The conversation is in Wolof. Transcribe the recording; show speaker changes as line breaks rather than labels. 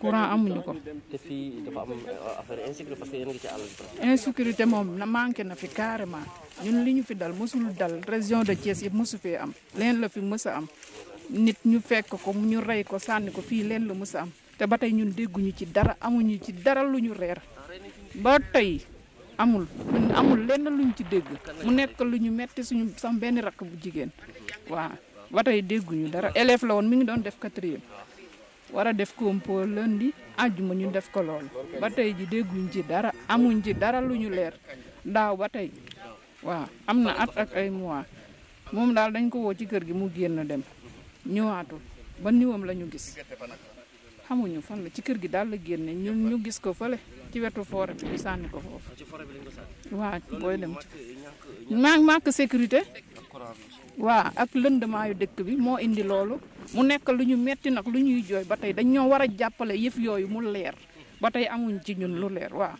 courant amuñu ko.
te euh, insécurité ci
àll bi. moom na manqué na fi carrément ñun li ñu fi dal mosul dal région de Thiès yëpp mosu fee am leen la fi mës a am nit ñu fekk ko ñu rey ko sànni ko fii leen la mës a am te ba tey ñun dégguñu ci dara amuñu ci dara lu ñu reer ba tey amul amul lenn luñ ci dégg mu nekk lu ñu metti suñu sam benn rakk bu jigéen waaw ba tey dégguñu dara élève la woon mi ngi doon def quatrième war a def compo lundi àjjuma ñu def ko loolu ba tey ji dégguñ ci dara amuñ ci dara lu ñu leer daaw ba tey waa am na at ak ay mois moom daal dañ ko woo ci kër gi mu génn dem ñëwaatul ba niwam la ñu gis amuñu fan la ci kër gi daal la génne ñu gis ko fële ci wetu forêt bi ñu sànni ko foofu
waaw booy dem manque sécurité
waa ak lëndemaayu dëkk bi moo indi loolu mu nekk lu ñu metti nag lu ñuy jooy ba tey dañ ñoo war a jàppale yëf yooyu mu leer ba tey amuñ ci ñun lu leer waa